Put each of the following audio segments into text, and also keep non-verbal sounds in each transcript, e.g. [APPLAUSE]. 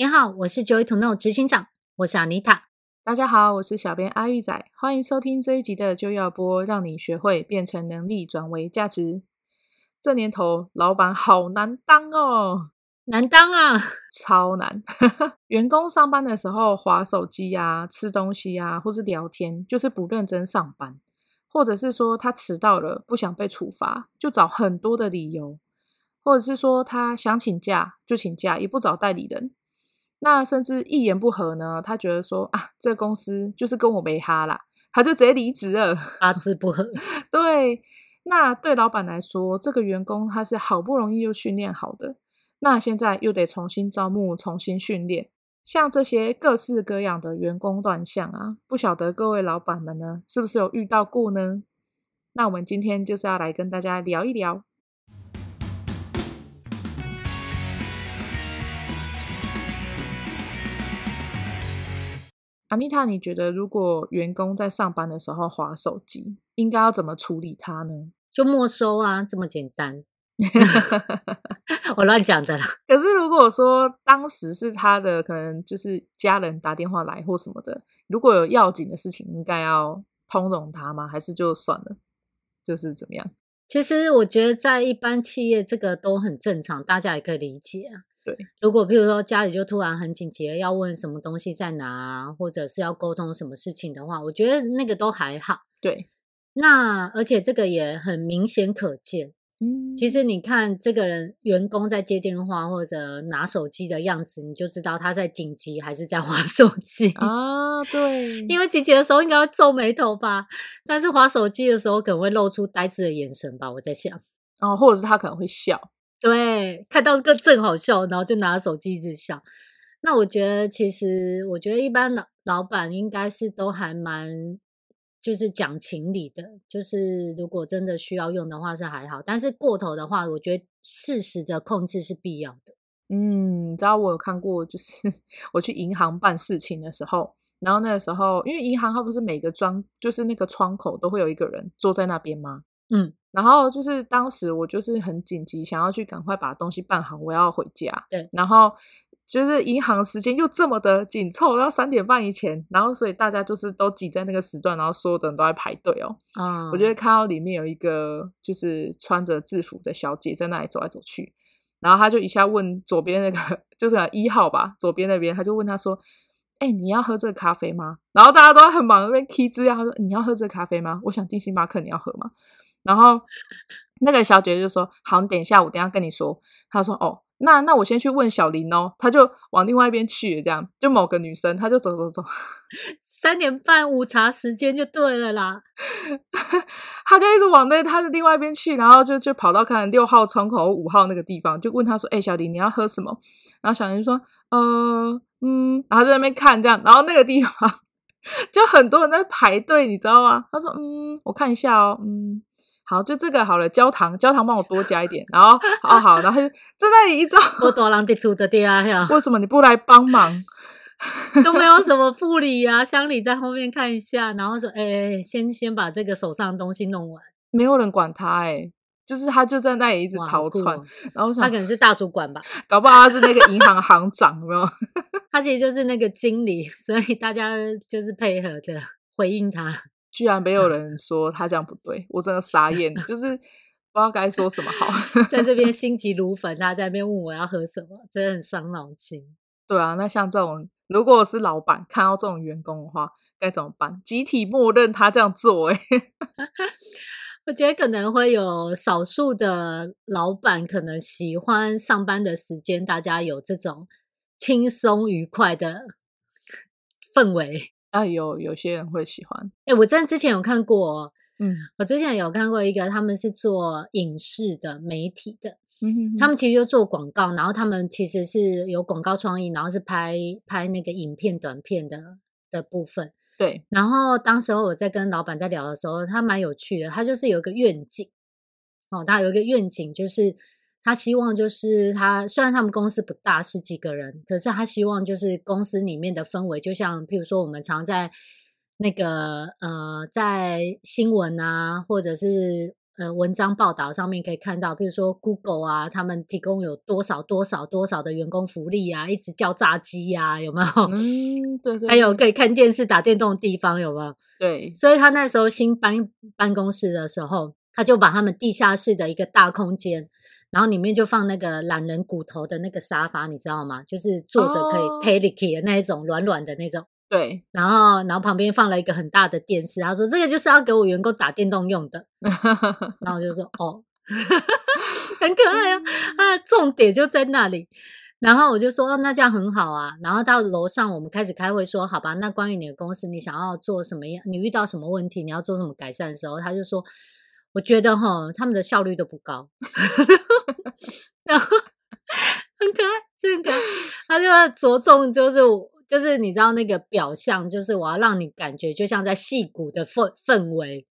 你好，我是 Joy to Know 執行長，我是阿尼塔。大家好，我是小編阿玉仔，歡迎收聽這一集的 Joy 要播，讓你學會變成能力轉為價值。這年頭，老闆好難當哦、喔，難當啊，超難。 [LAUGHS] 員工上班的時候滑手機啊、吃東西啊，或是聊天，就是不認真上班；或者是說他遲到了，不想被處罰，就找很多的理由；或者是說他想請假，就請假，也不找代理人。那甚至一言不合呢，他覺得說啊，這公司就是跟我沒哈啦，他就直接離職了。八字不合， [LAUGHS] 對。那對老闆來說，這個員工他是好不容易又訓練好的，那現在又得重新招募、重新訓練。像這些各式各樣的員工亂象啊，不曉得各位老闆們呢，是不是有遇到過呢？那我們今天就是要來跟大家聊一聊。安妮塔，你覺得如果員工在上班的時候滑手機，應該要怎麼處理他呢？就沒收啊，這麼簡單。 [LAUGHS] [LAUGHS] 我亂講的啦。可是如果說當時是他的，可能就是家人打電話來或什麼的，如果有要緊的事情，應該要通融他嗎？還是就算了？就是怎麼樣？其實我覺得在一般企業，這個都很正常，大家也可以理解啊。如果譬如說家裡就突然很緊急，要問什麼東西在哪，或者是要溝通什麼事情的話，我覺得那個都還好。對，那而且這個也很明顯可見。嗯，其實你看這個人員工在接電話或者拿手機的樣子，你就知道他在緊急還是在滑手機啊？對，因為緊急的時候應該要皺眉頭吧，但是滑手機的時候可能會露出呆滯的眼神吧？我在想，哦、啊，或者是他可能會笑。對，看到這個正好笑，然後就拿手機一直笑。那我覺得，其實我覺得一般老老闆應該是都還蠻，就是講情理的。就是如果真的需要用的話是還好，但是過頭的話，我覺得適時的控制是必要的。嗯，你知道我有看過，就是我去銀行辦事情的時候，然後那個時候因為銀行它不是每個窗，就是那個窗口都會有一個人坐在那邊嗎？嗯，然後就是當時我就是很緊急，想要去趕快把東西辦好，我要回家。對、嗯，然後就是銀行時間又這麼的緊湊，到三點半以前，然後所以大家就是都擠在那個時段，然後所有人都在排隊哦。啊、嗯，我就會看到裡面有一個就是穿着制服的小姐在那裡走來走去，然後他就一下問左邊那個就是一號吧，左邊那邊他就問他說：“哎、欸，你要喝這個咖啡嗎？”然後大家都很忙那邊 key 資料，他說：“你要喝這個咖啡嗎？我想訂星巴克，你要喝嗎？”然後那個小姐就說：“好，你等一下，我等一下跟你說。”她說：“哦，那那我先去問小林哦。”她就往另外一邊去，這樣就某個女生，她就走走走，三點半午茶時間就對了啦。她就一直往那她的另外一邊去，然後就就跑到看六號窗口五號那個地方，就問她說：“哎、欸，小林，你要喝什麼？”然後小林說：“呃、嗯嗯。”然後在那邊看這樣，然後那個地方就很多人在排隊，你知道嗎？她說：“嗯，我看一下哦，嗯。”好，就這個好了。焦糖，焦糖，幫我多加一點。 [LAUGHS] 然後，好好，好，然後就在那裡一直。我多人的處的的啊，為什麼你不來幫忙？都沒有什麼副理啊，鄉 [LAUGHS] 里在後面看一下，然後說，哎、欸，先先把這個手上的東西弄完。沒有人管他哎、欸，就是他就在那裡一直逃竄哦。然後說他可能是大主管吧，搞不好他是那個銀行行長， [LAUGHS] 有沒有？他其實就是那個經理，所以大家就是配合的回應他。居然沒有人說他這樣不對， [LAUGHS] 我真的傻眼，就是不知道該說什麼好， [LAUGHS] 在這邊心急如焚，他在那邊問我要喝什麼，真的很傷腦筋。對啊，那像這種，如果我是老闆看到這種員工的話，該怎麼辦？集體默認他這樣做，欸？哎， [LAUGHS] [LAUGHS] 我覺得可能會有少數的老闆可能喜歡上班的時間，大家有這種輕鬆愉快的氛圍。啊，有有些人會喜歡。哎、欸，我真之前有看過，嗯，我之前有看過一個，他們是做影視的媒體的，嗯哼哼，他們其實就做廣告，然後他們其實是有廣告創意，然後是拍拍那個影片短片的的部分。對，然後當時候我在跟老板在聊的時候，他蠻有趣的，他就是有一個願景，哦，他有一個願景就是。他希望就是他，雖然他們公司不大，是幾個人，可是他希望就是公司裡面的氛圍，就像譬如說我們常在那個呃，在新聞啊，或者是呃文章報道上面可以看到，譬如說 Google 啊，他們提供有多少多少多少的員工福利啊，一直叫炸雞呀，啊，有沒有？嗯，對，對對。還有可以看電視、打電動的地方，有沒有？對。所以他那時候新搬辦公室的時候，他就把他們地下室的一個大空間。然後裡面就放那個懶人骨頭的那個沙發，你知道嗎？就是坐着可以推得起的那一種，oh, 軟軟的那種。對。然後，然後旁邊放了一個很大的電視。他說這個就是要給我員工打電動用的。 [LAUGHS] 然後我就說哦， [LAUGHS] 很可愛啊！ [LAUGHS] 啊，重點就在那裡。然後我就說哦，那這樣很好啊。然後到樓上我們開始開會說，說好吧，那關於你的公司，你想要做什麼樣？你遇到什麼問題？你要做什麼改善的時候，他就說。我覺得齁，他們的效率都不高，然 [LAUGHS] 後 [LAUGHS] 很可愛，很可愛。他就着重就是就是你知道那個表象，就是我要讓你感覺就像在矽谷的氛氛圍，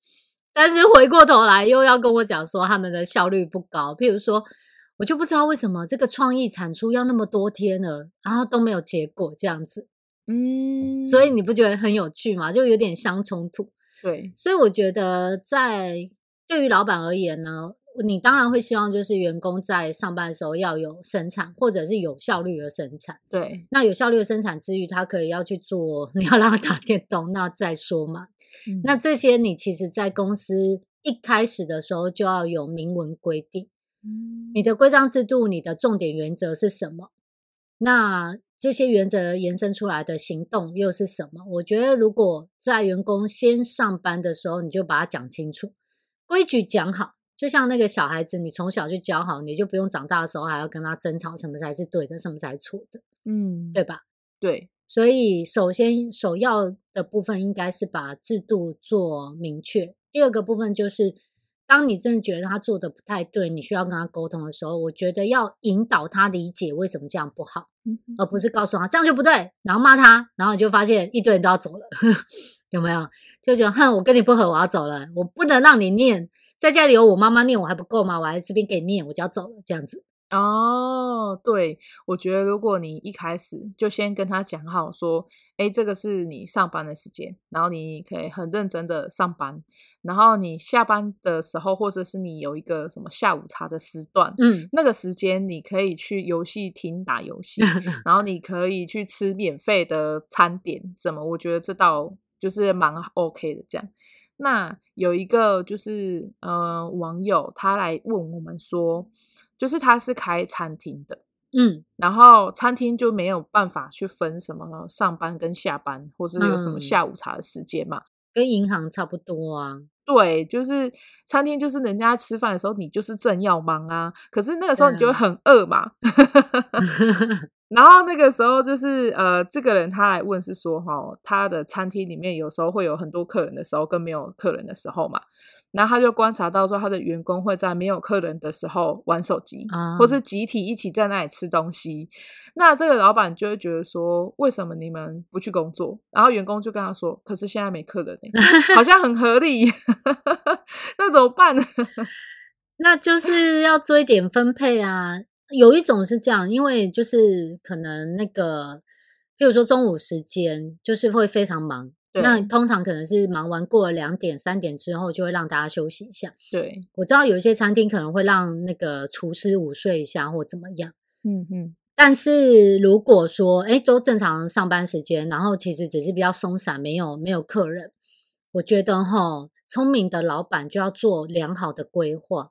但是回過頭來又要跟我講說他們的效率不高。譬如說，我就不知道為什麼這個創意產出要那麼多天了，然後都沒有結果這樣子。嗯，所以你不覺得很有趣嗎？就有點相衝突。對，所以我覺得在。對於老闆而言呢，你當然會希望就是員工在上班的時候要有生產，或者是有效率的生產。對，那有效率的生產之餘，他可以要去做，你要讓他打電動，那再說嘛。嗯。那這些你其實在公司一開始的時候就要有明文規定。嗯。你的規章制度、你的重點原則是什麼？那這些原則延伸出來的行動又是什麼？我覺得如果在員工先上班的時候，你就把它講清楚。規矩講好，就像那個小孩子，你從小就教好，你就不用長大的時候還要跟他爭吵，什麼才是對的，什麼才是錯的，嗯，對吧？對，所以首先首要的部分應該是把制度做明確。第二個部分就是，當你真的覺得他做得不太對，你需要跟他溝通的時候，我覺得要引導他理解為什麼這樣不好，嗯嗯，而不是告訴他這樣就不對，然後罵他，然後你就發現一堆人都要走了。 [LAUGHS] 有沒有就覺得哼，我跟你不合，我要走了，我不能讓你念，在家裡有我媽媽念我還不夠嗎？我來這邊給你念，我就要走了，這樣子哦。對，我覺得如果你一開始就先跟他講好說，說、欸、哎，這個是你上班的時間，然後你可以很認真的上班，然後你下班的時候，或者是你有一個什麼下午茶的時段，嗯，那個時間你可以去遊戲廳打遊戲， [LAUGHS] 然後你可以去吃免費的餐點，怎麼？我覺得這到。就是蠻 OK 的這樣。那有一個就是呃，網友他來問我們說，就是他是開餐廳的，嗯，然後餐廳就沒有辦法去分什麼上班跟下班，或是有什麼下午茶的時間嘛。嗯，跟銀行差不多啊。對，就是餐廳，就是人家吃飯的時候，你就是正要忙啊。可是那個時候你就很餓嘛。嗯 [LAUGHS] 然後那個時候就是呃，這個人他來問是說，哈，他的餐廳裡面有時候會有很多客人的時候，跟沒有客人的時候嘛。然後他就觀察到說，他的員工會在沒有客人的時候玩手機、嗯，或是集體一起在那裡吃東西。那這個老闆就會覺得說，為什麼你們不去工作？然後員工就跟他說，可是現在沒客人、欸， [LAUGHS] 好像很合理。 [LAUGHS] 那怎麼辦呢？ [LAUGHS] 那就是要做一點分配啊。有一種是這樣，因為就是可能那個，比如說中午時間就是會非常忙，嗯、那通常可能是忙完過了兩點三點之後，就會讓大家休息一下。對，我知道有一些餐廳可能會讓那個廚師午睡一下或怎麼樣。嗯嗯，但是如果說哎都正常上班時間，然後其實只是比較鬆散，沒有沒有客人，我覺得吼，聰明的老闆就要做良好的規劃。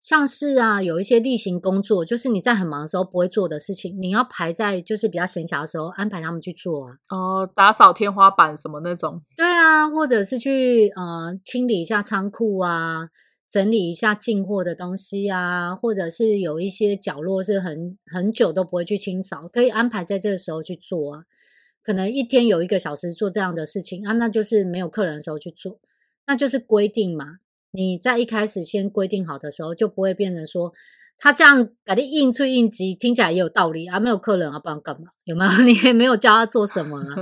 像是啊，有一些例行工作，就是你在很忙的時候不會做的事情，你要排在就是比較閒暇的時候安排他們去做啊。哦、呃，打掃天花板什麼那種。對啊，或者是去呃清理一下倉庫啊，整理一下進貨的東西啊，或者是有一些角落是很很久都不會去清掃，可以安排在這個時候去做啊。可能一天有一個小時做這樣的事情，啊，那就是沒有客人的時候去做，那就是規定嘛。你在一開始先規定好的時候，就不會變成說他這樣搞得應出應急，聽起來也有道理啊。沒有客人啊，不然幹嘛？有沒有？你也沒有教他做什麼啊？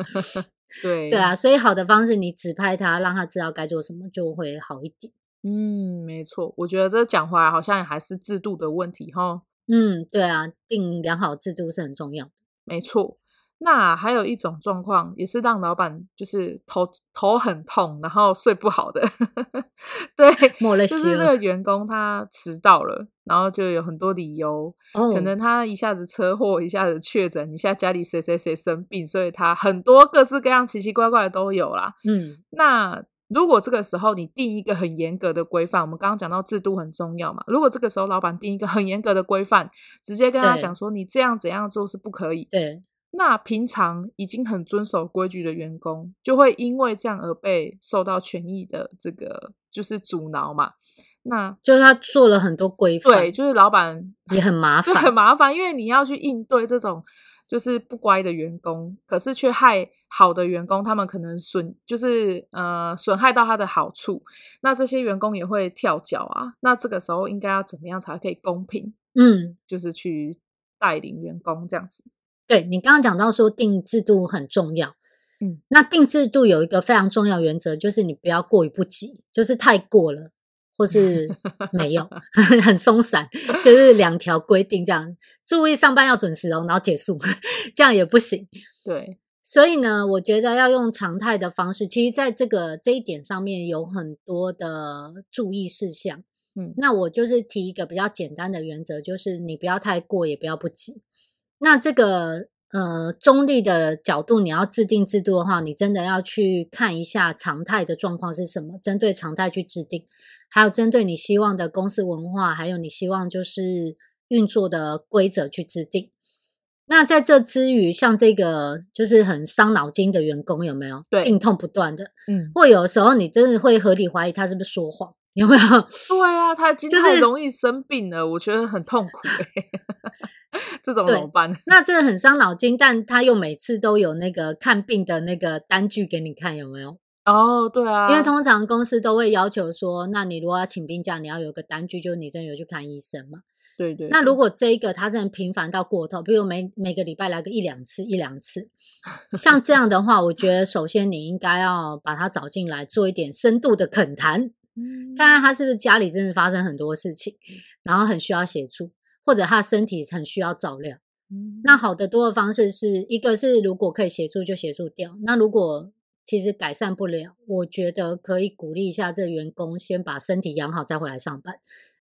[LAUGHS] 對對啊，所以好的方式，你指派他，讓他知道該做什麼，就會好一點。嗯，沒錯。我覺得這講回來，好像也還是制度的問題哈。嗯，對啊，定良好制度是很重要。沒錯。那還有一種狀況，也是讓老闆就是頭頭很痛，然後睡不好的。呵呵對，沒了事了，就是這個員工他遲到了，然後就有很多理由，哦，可能他一下子車禍，一下子確診，一下家裡誰誰誰誰生病，所以他很多各式各樣奇奇怪怪的都有啦。嗯，那如果這個時候你定一個很嚴格的規範，我們剛剛講到制度很重要嘛。如果這個時候老闆定一個很嚴格的規範，直接跟他講說你這樣怎樣做是不可以。對。對那平常已經很遵守規矩的員工，就會因為這樣而被受到權益的這個就是阻撓嘛。那就是他做了很多規範，對，就是老板也很麻煩，很麻煩，因為你要去應對這種就是不乖的員工，可是卻害好的員工，他們可能損，就是呃損害到他的好處，那這些員工也會跳腳啊。那這個時候應該要怎麼樣才可以公平？嗯，就是去帶領員工這樣子。對，你剛剛講到說，定制度很重要，嗯，那定制度有一個非常重要原則，就是你不要過於不及，就是太過了，或是沒有 [LAUGHS] [LAUGHS] 很鬆散，就是兩條規定這樣，注意上班要準時哦，然後結束，這樣也不行。對，所以呢，我覺得要用常態的方式，其實在這個這一點上面有很多的注意事項。嗯，那我就是提一個比較簡單的原則，就是你不要太過，也不要不及。那這個呃中立的角度，你要制定制度的話，你真的要去看一下常態的狀況是什麼，針對常態去制定，還有針對你希望的公司文化，還有你希望就是運作的規則去制定。那在這之餘，像這個就是很傷腦筋的員工有沒有？對，病痛不斷的，嗯，或有的時候你真的會合理懷疑他是不是說謊。有沒有？對啊，他就是太容易生病了，就是、我覺得很痛苦。 [LAUGHS] 這種怎，怎麼辦？那這很傷腦筋。但他又每次都有那個看病的那個單據給你看，有沒有？哦，對啊。因為通常公司都會要求說，那你如果要請病假，你要有個單據，就是你真的有去看醫生嘛？對，對對。那如果這一個他真的頻繁到過頭，比如每每個禮拜來個一兩次、一兩次， [LAUGHS] 像這樣的話，我覺得首先你應該要把他找進來做一點深度的懇談。看看他是不是家裡真的發生很多事情，然後很需要協助，或者他身體很需要照料。那好得多的方式是一個是如果可以協助就協助掉。那如果其實改善不了，我覺得可以鼓勵一下這員工，先把身體養好再回來上班。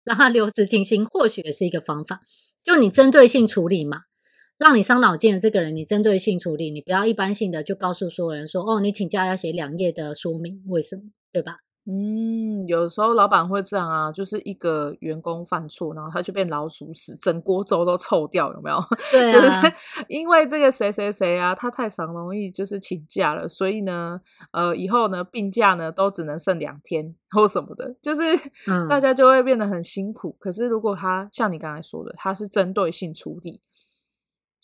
讓他留職停薪或許也是一個方法。就你針對性處理嘛，讓你傷腦筋的這個人，你針對性處理，你不要一般性的就告訴所有人說：“哦，你請假要寫兩頁的說明，為什麼？”對吧？嗯，有時候老板會這樣啊，就是一個員工犯錯，然後他就變老鼠屎，整鍋粥都臭掉，有沒有？對、啊就是、因為這個誰誰誰啊，他太常容易就是請假了，所以呢，呃，以後呢病假呢都只能剩兩天或什麼的，就是大家就會變得很辛苦。嗯、可是如果他像你剛才說的，他是針對性處理。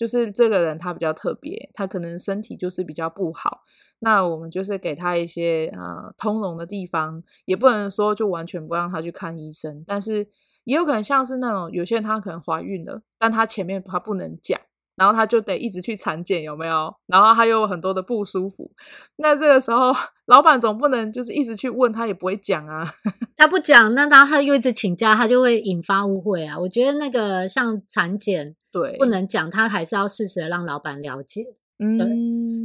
就是這個人他比較特別，他可能身體就是比較不好，那我們就是給他一些呃通融的地方，也不能說就完全不讓他去看醫生，但是也有可能像是那種，有些人她可能懷孕了，但她前面她不能講。然後他就得一直去產檢，有沒有？然後他又有很多的不舒服。那這個時候，老闆總不能就是一直去問他，也不會講啊。 [LAUGHS] 他不講，那他又一直請假，他就會引發誤會啊。我覺得那個像產檢，對，不能講，他還是要適時的讓老闆了解。嗯、對，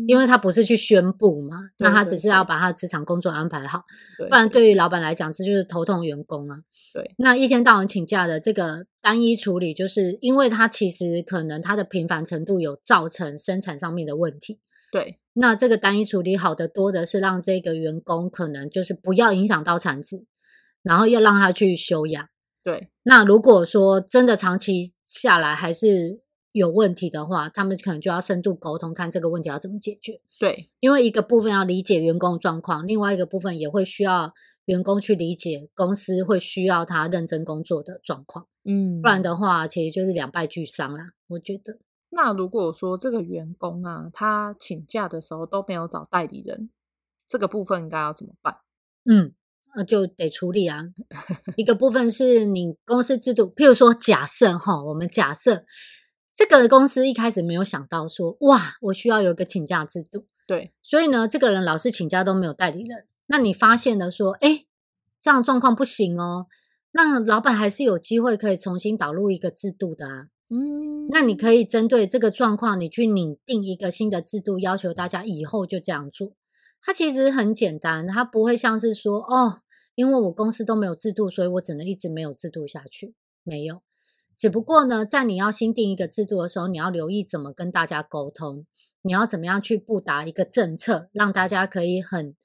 因為他不是去宣布嘛，對對對，那他只是要把他的職場工作安排好，對對對，不然對於老闆來講，這就是頭痛員工啊。對，對，那一天到晚請假的這個單一處理，就是因為他其實可能他的頻繁程度有造成生產上面的問題。對，對，那這個單一處理好的多的是讓這個員工可能就是不要影響到產值，然後要讓他去休養。對，對，那如果說真的長期下來還是。有問題的話，他們可能就要深度溝通，看這個問題要怎麼解決。對，因為一個部分要理解員工狀況，另外一個部分也會需要員工去理解公司會需要他認真工作的狀況。嗯，不然的話，其實就是兩敗俱傷啦。我覺得，那如果說這個員工啊，他請假的時候都沒有找代理人，這個部分應該要怎麼辦？嗯，那就得處理啊。 [LAUGHS] 一個部分是你公司制度，譬如說假設哈，我們假設。這個公司一開始沒有想到說，哇，我需要有一個請假制度。對，所以呢，這個人老是請假都沒有代理人。那你發現了說，誒，這樣狀況不行哦。那老板還是有機會可以重新導入一個制度的啊。嗯，那你可以針對這個狀況，你去擬定一個新的制度，要求大家以後就這樣做。它其實很簡單，它不會像是說，哦，因為我公司都沒有制度，所以我只能一直沒有制度下去。沒有。只不過呢，在你要新定一個制度的時候，你要留意怎麼跟大家溝通，你要怎麼樣去布達一個政策，讓大家可以很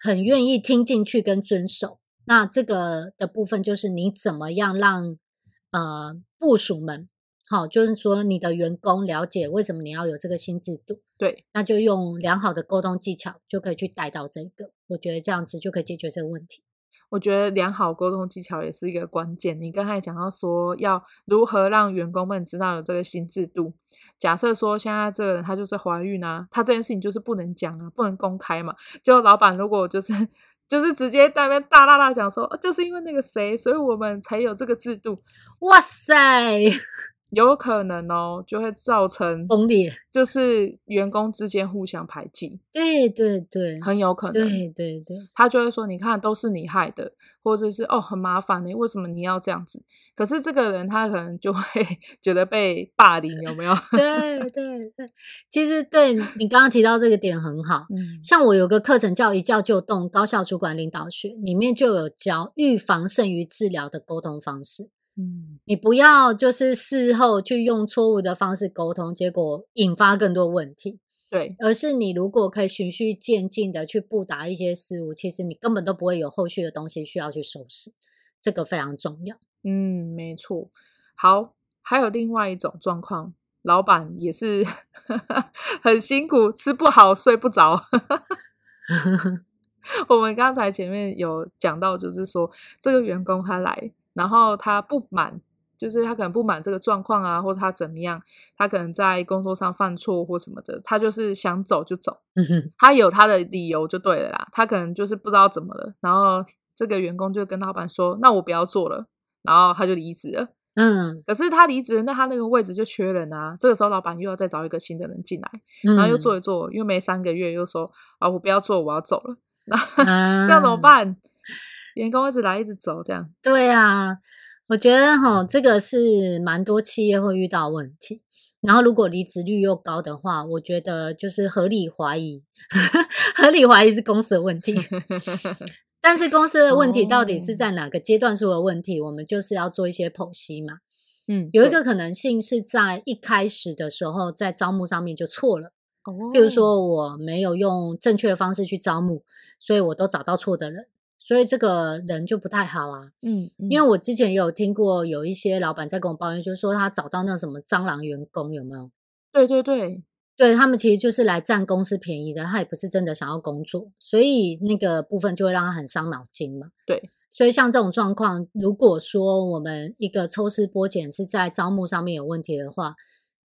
很願意聽進去跟遵守。那這個的部分就是你怎麼樣讓呃部署們，好、哦，就是說你的員工了解為什麼你要有這個新制度。對，那就用良好的溝通技巧就可以去帶到這個，我覺得這樣子就可以解決這個問題。我覺得良好溝通技巧也是一個關鍵。你剛才講到說，要如何讓員工們知道有這個新制度？假設說現在這個人她就是懷孕啊，她這件事情就是不能講啊，不能公開嘛。就老板如果就是就是直接在那邊大大大講說，哦，就是因為那個誰，所以我們才有這個制度。哇塞！有可能哦，就會造成崩裂，就是員工之間互相排擠。 [LAUGHS] 對對對，很有可能。對對對，他就會說：“你看，都是你害的，或者是哦，很麻煩你、欸，為什麼你要這樣子？”可是這個人他可能就會覺得被霸凌，有沒有？ [LAUGHS] 對對對，其實對你剛剛提到這個點很好， [LAUGHS] 像我有個課程叫《一叫就動，高效主管領導學》嗯，裡面就有教預防勝於治療的溝通方式。嗯，你不要就是事後去用錯誤的方式溝通，結果引發更多問題。對，而是你如果可以循序漸進的去布達一些事物，其實你根本都不會有後續的東西需要去收拾，這個非常重要。嗯，沒錯。好，還有另外一種狀況，老闆也是 [LAUGHS] 很辛苦，吃不好，睡不着。 [LAUGHS] [LAUGHS] 我們剛才前面有講到，就是說這個員工他來。然後他不滿，就是他可能不滿這個狀況啊，或者他怎麼樣，他可能在工作上犯錯或什麼的，他就是想走就走，嗯哼，他有他的理由就對了啦。他可能就是不知道怎麼了，然後這個員工就跟老板說：“那我不要做了。”然後他就離職了。嗯，可是他離職了，那他那個位置就缺人啊。這個時候老板又要再找一個新的人進來，嗯、然後又做一做，又沒三個月，又說：“啊，我不要做，我要走了。”然後那、嗯、 [LAUGHS] 這樣怎麼辦？員工一直來，一直走，這樣。對啊。我覺得哈，這個是蠻多企業會遇到問題。然後如果離職率又高的話，我覺得就是合理懷疑呵呵，合理懷疑是公司的問題。 [LAUGHS] 但是公司的問題到底是在哪個階段出的問題？哦，我們就是要做一些剖析嘛。嗯，有一個可能性是在一開始的時候在招募上面就錯了。哦，譬如說我沒有用正確的方式去招募，所以我都找到錯的人。所以這個人就不太好啊，嗯，因為我之前也有聽過有一些老板在跟我抱怨，就是說他找到那什麼蟑螂員工有沒有？對對對，對他們其實就是來占公司便宜的，他也不是真的想要工作，所以那個部分就會讓他很傷腦筋嘛。對，所以像這種狀況，如果說我們一個抽絲剝繭是在招募上面有問題的話，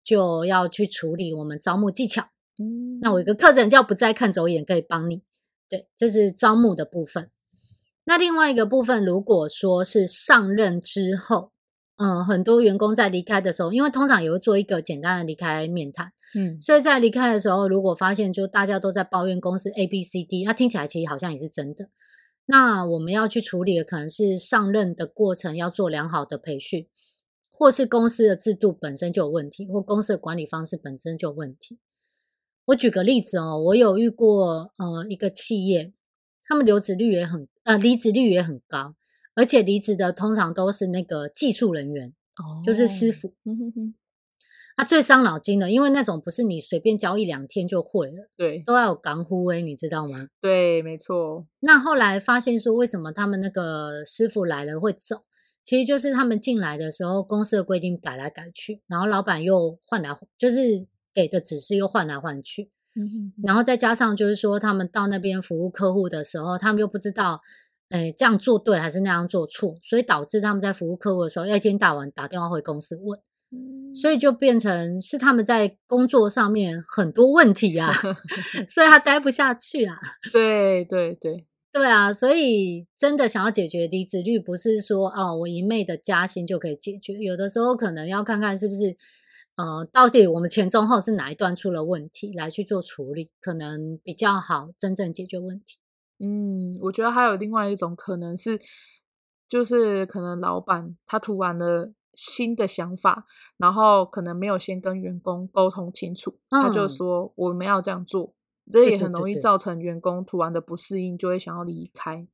就要去處理我們招募技巧。嗯，那我有個課程叫不再看走眼，可以幫你。對，這是招募的部分。那另外一個部分，如果說是上任之後，嗯、呃，很多員工在離開的時候，因為通常也會做一個簡單的離開面談，嗯，所以在離開的時候，如果發現就大家都在抱怨公司 A、B、C、D，那、啊，聽起來其實好像也是真的。那我們要去處理的可能是上任的過程要做良好的培訓，或是公司的制度本身就有問題，或公司的管理方式本身就有問題。我舉個例子哦，我有遇過，呃，一個企業。他們留職率也很，呃，離職率也很高，而且離職的通常都是那個技術人員，oh. 就是師傅。哼哼哼。啊最傷腦筋的，因為那種不是你隨便教一兩天就會了，對，都要有崗互為，你知道嗎？對，沒錯。那後來發現說，為什麼他們那個師傅來了會走？其實就是他們進來的時候，公司的規定改來改去，然後老闆又換來換，就是給的指示又換來換去。然後再加上就是說，他們到那邊服務客戶的時候，他們又不知道，誒，這樣做對還是那樣做錯，所以導致他們在服務客戶的時候，要一天到晚打電話回公司問，嗯、所以就變成是他們在工作上面很多問題呀、啊， [LAUGHS] 所以他待不下去啊。對對對對啊！所以真的想要解決離職率，不是說哦，我一昧的加薪就可以解決，有的時候可能要看看是不是。呃，到底我們前中後是哪一段出了問題，來去做處理，可能比較好真正解決問題。嗯，我覺得還有另外一種可能是，就是可能老闆他突然的新的想法，然後可能沒有先跟員工溝通清楚，嗯，他就說我們要這樣做，這也很容易造成員工突然的不適應，就會想要離開。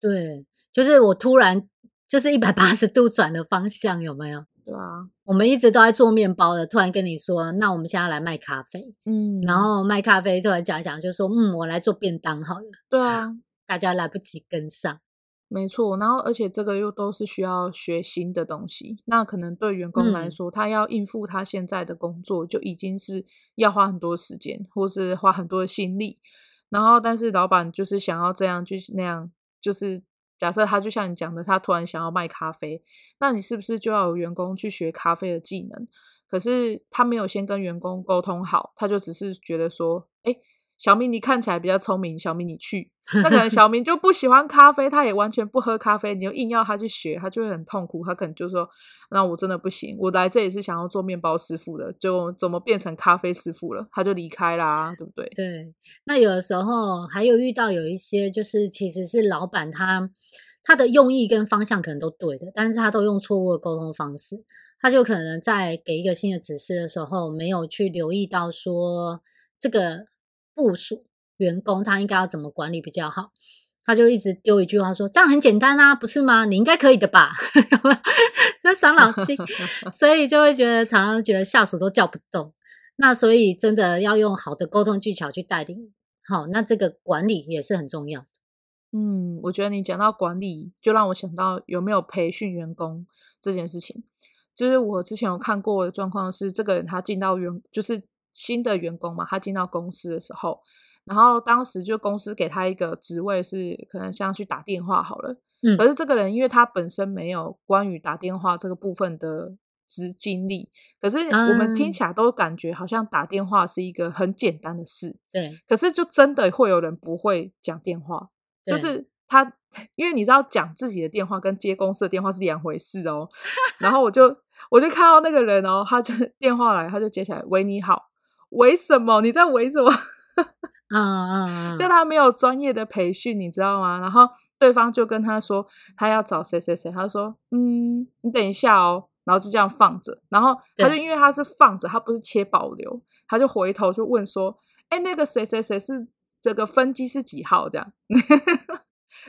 對，就是我突然就是一百八十度轉了方向，有沒有？對啊，我們一直都在做面包的，突然跟你說，那我們現在要來賣咖啡，嗯，然後賣咖啡，突然講一講，就說，嗯，我來做便當好了。對啊，大家來不及跟上，沒錯。然後，而且這個又都是需要學新的東西，那可能對員工來說，嗯、他要應付他現在的工作，就已經是要花很多時間，或是花很多的心力。然後，但是老板就是想要這樣，就是、那樣，就是。假設他就像你講的，他突然想要賣咖啡，那你是不是就要有員工去學咖啡的技能？可是他沒有先跟員工溝通好，他就只是覺得說，誒、欸小明，你看起來比較聰明。小明，你去，那可能小明就不喜歡咖啡，他也完全不喝咖啡，你就硬要他去學，他就會很痛苦。他可能就說：“那我真的不行，我來這裡是想要做麵包師傅的，就怎麼變成咖啡師傅了？”他就離開啦，對不對？對。那有的時候還有遇到有一些就是其實是老闆他他的用意跟方向可能都對的，但是他都用錯誤的溝通方式，他就可能在給一個新的指示的時候，沒有去留意到說這個。部屬員工，他應該要怎麼管理比較好？他就一直丟一句話說：“這樣很簡單啊，不是嗎？你應該可以的吧？ [LAUGHS] 那傷腦筋，所以就會覺得常常覺得下屬都叫不動。那所以真的要用好的溝通技巧去帶領。好、哦，那這個管理也是很重要。嗯，我覺得你講到管理，就讓我想到有沒有培訓員工這件事情。就是我之前有看過的狀況是，這個人他進到員就是。新的員工嘛，他進到公司的時候，然後當時就公司給他一個職位是可能像去打電話好了、嗯，可是這個人因為他本身沒有關於打電話這個部分的資經歷，可是我們聽起來都感覺好像打電話是一個很簡單的事，對、嗯，可是就真的會有人不會講電話，就是他，因為你知道講自己的電話跟接公司的電話是兩回事哦、喔，然後我就 [LAUGHS] 我就看到那個人哦、喔，他就電話來，他就接起來，喂，你好。為什麼？你在為什麼？嗯嗯，就他沒有專業的培訓，你知道嗎？然後對方就跟他說，他要找誰誰誰，他說，嗯，你等一下哦，然後就這樣放着。然後他就因為他是放着，他不是切保留，他就回頭就問說，哎、欸，那個誰誰誰是這個分機是幾號？這樣， [LAUGHS]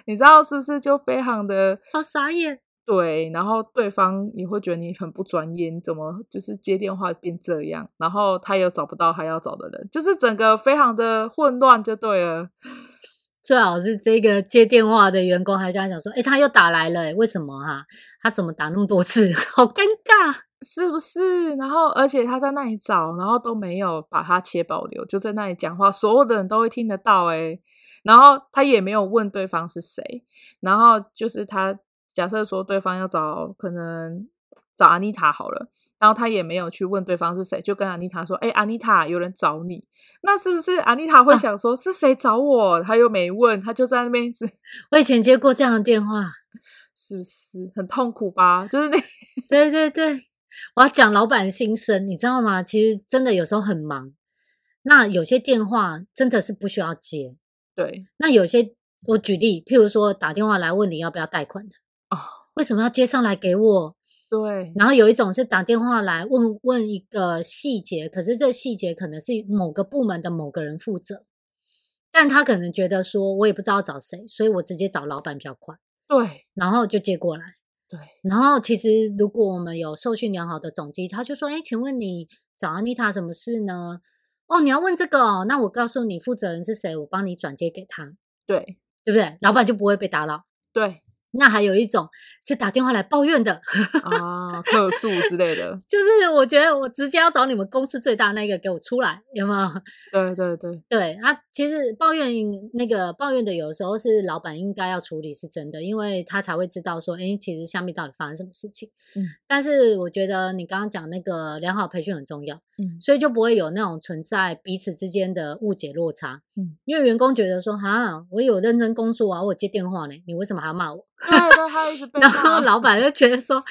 你知道是不是？就非常的，好傻眼。對，然後對方也會覺得你很不專業，怎麼就是接電話變這樣？然後他又找不到他要找的人，就是整個非常的混亂，就對了。最好是這個接電話的員工還跟他講說：“哎、欸，他又打來了、欸，為什麼啊？他怎麼打那麼多次？好尷尬，是不是？”然後而且他在那裡找，然後都沒有把他切保留，就在那裡講話，所有的人都會聽得到哎、欸。然後他也沒有問對方是誰，然後就是他。假設說對方要找，可能找安妮塔好了，然後他也沒有去問對方是誰，就跟安妮塔說：“哎、欸，安妮塔，有人找你。”那是不是安妮塔會想說：“啊、是誰找我？”他又沒問，他就在那邊一直。我以前接過這樣的電話，是不是很痛苦吧？就是那，對對對，我要講老闆的心聲，你知道嗎？其實真的有時候很忙。那有些電話真的是不需要接。對，那有些我舉例，譬如說打電話來問你要不要貸款的 Oh, 為什麼要接上來給我？對。然後有一種是打電話來問問一個細節，可是這細節可能是某個部門的某個人負責，但他可能覺得說我也不知道找誰，所以我直接找老板比較快。對。然後就接過來。對。然後其實如果我們有受訓良好的總機，他就說：“哎、欸，請問你找 Anita 什麼事呢？哦，你要問這個哦。那我告訴你負責人是誰，我幫你轉接給他。”對，對不對？老板就不會被打擾。對。那還有一種是打電話來抱怨的啊，客訴之類的。 [LAUGHS] 就是我覺得我直接要找你們公司最大那個給我出來，有沒有？對對對，對啊。其實抱怨那個抱怨的，有的時候是老闆應該要處理是真的，因為他才會知道說，哎，其實下面到底發生什麼事情。嗯。但是我覺得你剛剛講那個良好培訓很重要，嗯，所以就不會有那種存在彼此之間的誤解落差。嗯，因為員工覺得說，哈，我有認真工作啊，我接電話呢，你為什麼還要罵我？對對，還一直被罵。 [LAUGHS] 然後老板就覺得說，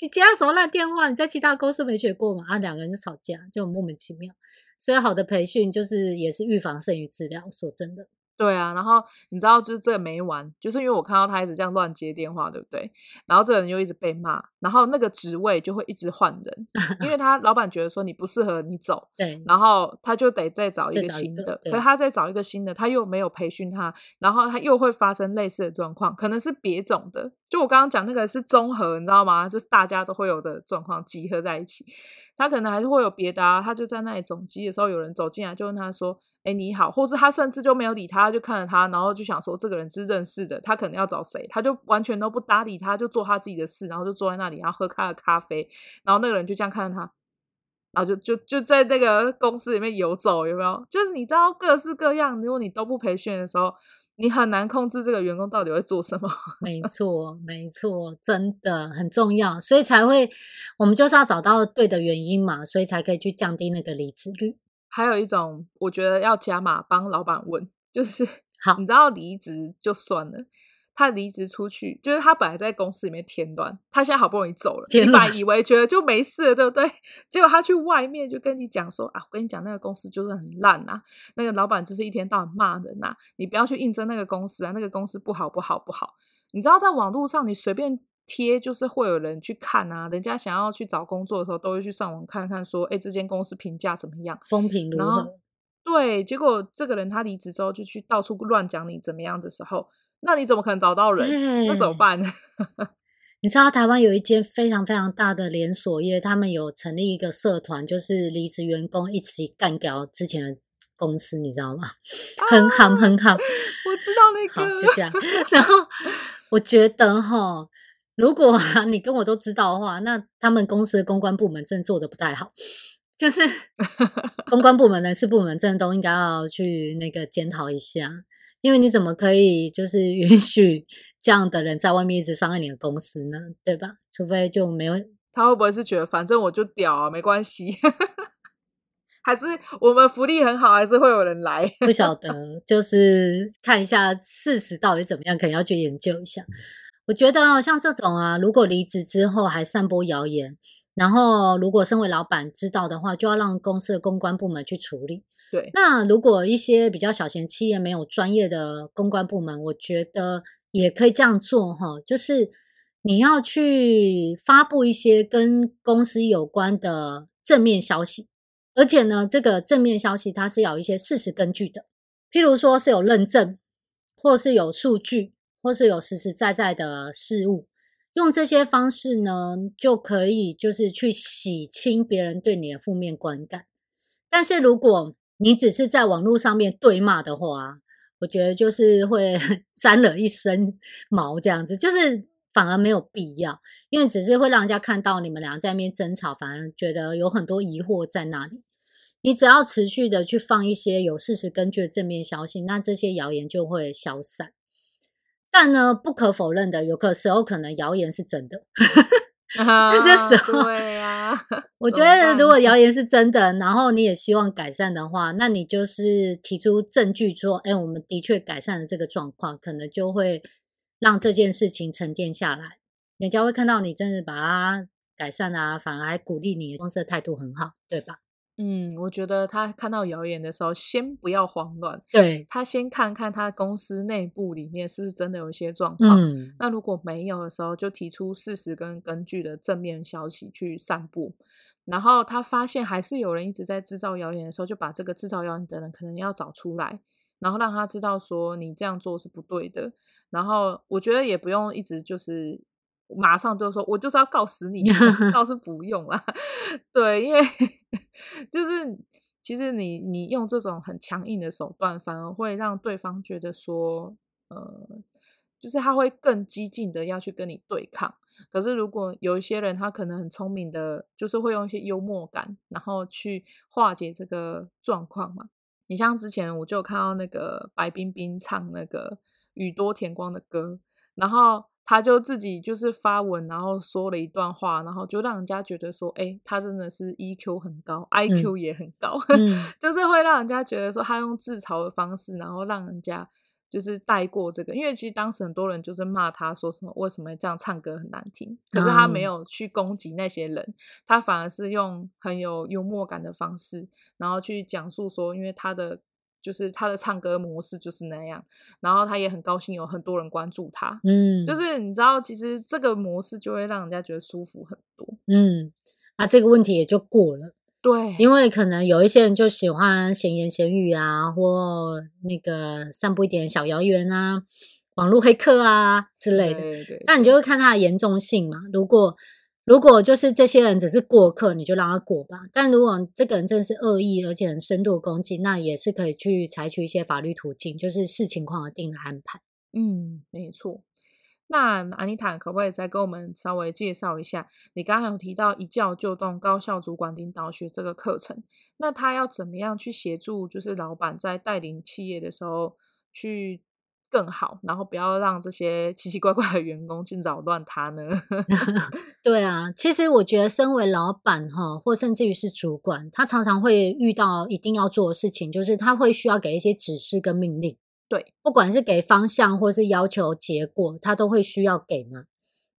你接什麼爛電話？你在其他公司沒學過嘛，啊，兩個人就吵架，就莫名其妙。所以，好的培訓就是也是預防勝於治療。說真的。對啊，然後你知道，就是這個沒完，就是因為我看到他一直這樣亂接電話，對不對？然後這個人又一直被罵，然後那個職位就會一直換人， [LAUGHS] 因為他老板覺得說你不適合，你走。對。然後他就得再找一個新的，可是他再找一個新的，他又沒有培訓他，然後他又會發生類似的狀況，可能是別種的。就我剛剛講那個是綜合，你知道嗎？就是大家都會有的狀況集合在一起，他可能還是會有別的啊。他就在那裡總機的時候，有人走進來就問他說，哎、欸，你好，或是他甚至就沒有理他，就看着他，然後就想說，這個人是認識的，他可能要找誰，他就完全都不搭理他，就做他自己的事，然後就坐在那裡，然後喝他的咖啡，然後那個人就這樣看着他，然後就就就在那個公司裡面遊走，有沒有？就是你知道各式各樣，如果你都不培訓的時候，你很難控制這個員工到底會做什麼。沒錯，沒錯，真的很重要，所以才會我們就是要找到對的原因嘛，所以才可以去降低那個離職率。還有一種，我覺得要加碼幫老板問，就是，你知道離職就算了，他離職出去，就是他本來在公司裡面添亂，他現在好不容易走了，你本來以為覺得就沒事了，對不對？結果他去外面就跟你講說啊，我跟你講那個公司就是很爛啊，那個老板就是一天到晚罵人啊，你不要去應徵那個公司啊，那個公司不好不好不好，你知道在網路上你隨便。貼就是會有人去看啊，人家想要去找工作的時候，都會去上網看看說，哎、欸，這間公司評價怎麼樣？風評如何？對，結果這個人他離職之後就去到處亂講你怎麼樣的時候，那你怎麼可能找到人？嘿嘿嘿，那怎麼辦？你知道台灣有一間非常非常大的連鎖業，他們有成立一個社團，就是離職員工一起幹掉之前的公司，你知道嗎？很好、啊，很好，我知道那個，好，就這樣。然後我覺得哈。如果、啊、你跟我都知道的話，那他們公司的公關部門正做的不太好，就是公關部門、 [LAUGHS] 人事部門正都應該要去那個檢討一下，因為你怎麼可以就是允許這樣的人在外面一直傷害你的公司呢？對吧？除非就沒有他會不會是覺得反正我就屌啊，沒關係， [LAUGHS] 還是我們福利很好，還是會有人來？ [LAUGHS] 不曉得，就是看一下事實到底怎麼樣，可能要去研究一下。我覺得哦，像這種啊，如果離職之後還散播謠言，然後如果身為老闆知道的話，就要讓公司的公關部門去處理。對，那如果一些比較小型企業沒有專業的公關部門，我覺得也可以這樣做哈，就是你要去發布一些跟公司有關的正面消息，而且呢，這個正面消息它是有一些事實根據的，譬如說是有認證，或是有數據。或是有實實在在的事物，用這些方式呢，就可以就是去洗清別人對你的負面觀感。但是如果你只是在網絡上面對罵的話，我覺得就是會沾了一身毛這樣子，就是反而沒有必要，因為只是會讓人家看到你們兩個在那邊爭吵，反而覺得有很多疑惑在那裡。你只要持續的去放一些有事實根據的正面消息，那這些謠言就會消散。但呢，不可否認的，有個時候可能謠言是真的，那、 [LAUGHS] 啊、這時候，對啊，我覺得如果謠言是真的，然後你也希望改善的話，那你就是提出證據說，哎、欸，我們的確改善了這個狀況，可能就會讓這件事情沉澱下來，人家會看到你真的把它改善啊，反而還鼓勵你的公司的態度很好，對吧？嗯，我覺得他看到謠言的時候，先不要慌亂，對，他先看看他公司內部裡面是不是真的有一些狀況。嗯，那如果沒有的時候，就提出事實跟根據的正面消息去散佈，然後他發現還是有人一直在製造謠言的時候，就把這個製造謠言的人可能要找出來，然後讓他知道說你這樣做是不對的。然後我覺得也不用一直就是。馬上就說，我就是要告死你， [LAUGHS] 倒是不用了。對，因為就是其實你你用這種很強硬的手段，反而會讓對方覺得說，呃，就是他會更激進的要去跟你對抗。可是如果有一些人，他可能很聰明的，就是會用一些幽默感，然後去化解這個狀況嘛。你像之前我就有看到那個白冰冰唱那個宇多田光的歌，然後。他就自己就是發文，然後說了一段話，然後就讓人家覺得說，哎、欸，他真的是 EQ 很高，IQ 也很高，嗯、 [LAUGHS] 就是會讓人家覺得說，他用自嘲的方式，然後讓人家就是帶過這個，因為其實當時很多人就是罵他說什麼，為什麼這樣唱歌很難聽，可是他沒有去攻擊那些人，他反而是用很有幽默感的方式，然後去講述說，因為他的。就是他的唱歌模式就是那樣，然後他也很高興有很多人關注他，嗯，就是你知道，其實這個模式就會讓人家覺得舒服很多，嗯，那、啊、這個問題也就過了，對，因為可能有一些人就喜歡閒言閒語啊，或那個散布一點小謠言啊，網絡黑客啊之類的，對對對，那你就會看他的嚴重性嘛，如果。如果就是這些人只是過客，你就讓他過吧。但如果這個人真的是惡意，而且很深度攻擊，那也是可以去採取一些法律途徑，就是視情況而定的安排。嗯，沒錯。那安妮塔，可不可以再跟我們稍微介紹一下？你剛剛有提到“一叫就動”，高效主管領導學這個課程，那他要怎麼樣去協助？就是老板在帶領企業的時候去更好，然後不要讓這些奇奇怪怪的員工去擾亂他呢 [LAUGHS] 。對啊，其實我覺得，身為老闆哈，或甚至於是主管，他常常會遇到一定要做的事情，就是他會需要給一些指示跟命令。對，不管是給方向，或是要求結果，他都會需要給嘛。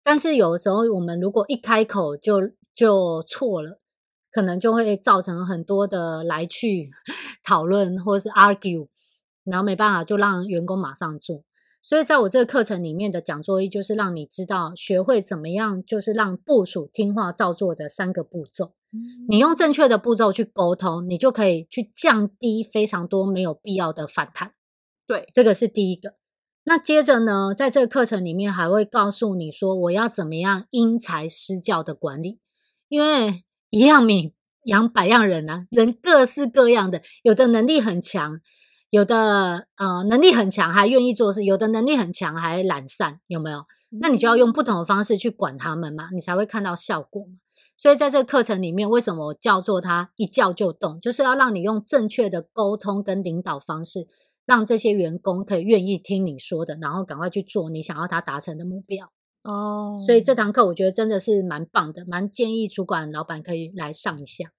但是有時候，我們如果一開口就就錯了，可能就會造成很多的來去討論，或是 argue。然後沒辦法，就讓員工馬上做。所以在我這個課程裡面的講座一，就是讓你知道學會怎麼樣，就是讓部屬聽話照做的三個步驟。你用正確的步驟去溝通，你就可以去降低非常多沒有必要的反彈。對，這個是第一個。那接着呢，在這個課程裡面還會告訴你說，我要怎麼樣因材施教的管理，因為一樣米養百樣人啊，人各式各樣的，有的能力很強。有的呃能力很強還願意做事，有的能力很強還懶散，有沒有？嗯。那你就要用不同的方式去管他們嘛，你才會看到效果。所以在這個課程裡面，為什麼我叫做他一叫就動，就是要讓你用正確的溝通跟領導方式，讓這些員工可以願意聽你說的，然後趕快去做你想要他達成的目標。哦，所以這堂課我覺得真的是蠻棒的，蠻建議主管老板可以來上一下。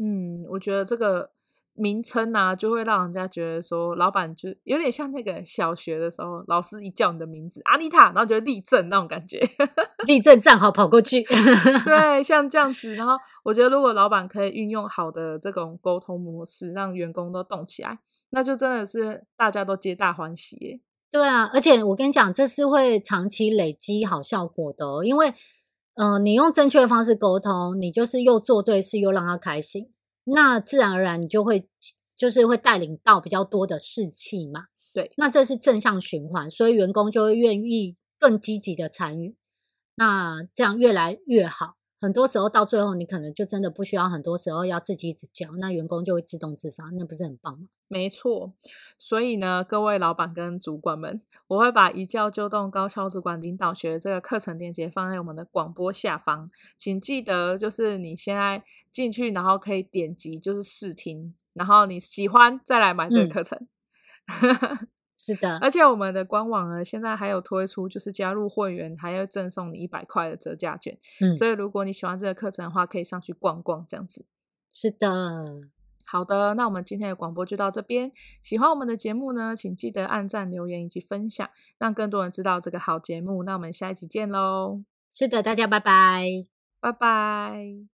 嗯，我覺得這個。名稱啊，就會讓人家覺得說，老闆就有點像那個小學的時候，老師一叫你的名字阿麗塔，Arita! 然後就立正那種感覺， [LAUGHS] 立正站好跑過去。 [LAUGHS] 對，像這樣子。然後我覺得，如果老闆可以運用好的這種溝通模式，讓員工都動起來，那就真的是大家都皆大歡喜耶。對啊，而且我跟你講，這是會長期累積好效果的，因為嗯、呃，你用正確的方式溝通，你就是又做對事，又讓他開心。那自然而然，你就會就是會帶領到比較多的士氣嘛。對，那這是正向循環，所以員工就會願意更積極的參與，那這樣越來越好。很多時候到最後，你可能就真的不需要。很多時候要自己一直教，那員工就會自動自發，那不是很棒嗎？沒錯，所以呢，各位老闆跟主管們，我會把“一叫就動，高效主管領導學”這個課程鏈接放在我們的廣播下方，請記得就是你現在進去，然後可以點擊就是試聽，然後你喜歡再來買這個課程。嗯 [LAUGHS] 是的，而且我們的官網呢，現在還有推出，就是加入會員還要贈送你一百塊的折價券。嗯，所以如果你喜歡這個課程的話，可以上去逛逛這樣子。是的，好的，那我們今天的廣播就到這邊。喜歡我們的節目呢，請記得按贊、留言以及分享，讓更多人知道這個好節目。那我們下一集見嘍！是的，大家拜拜，拜拜。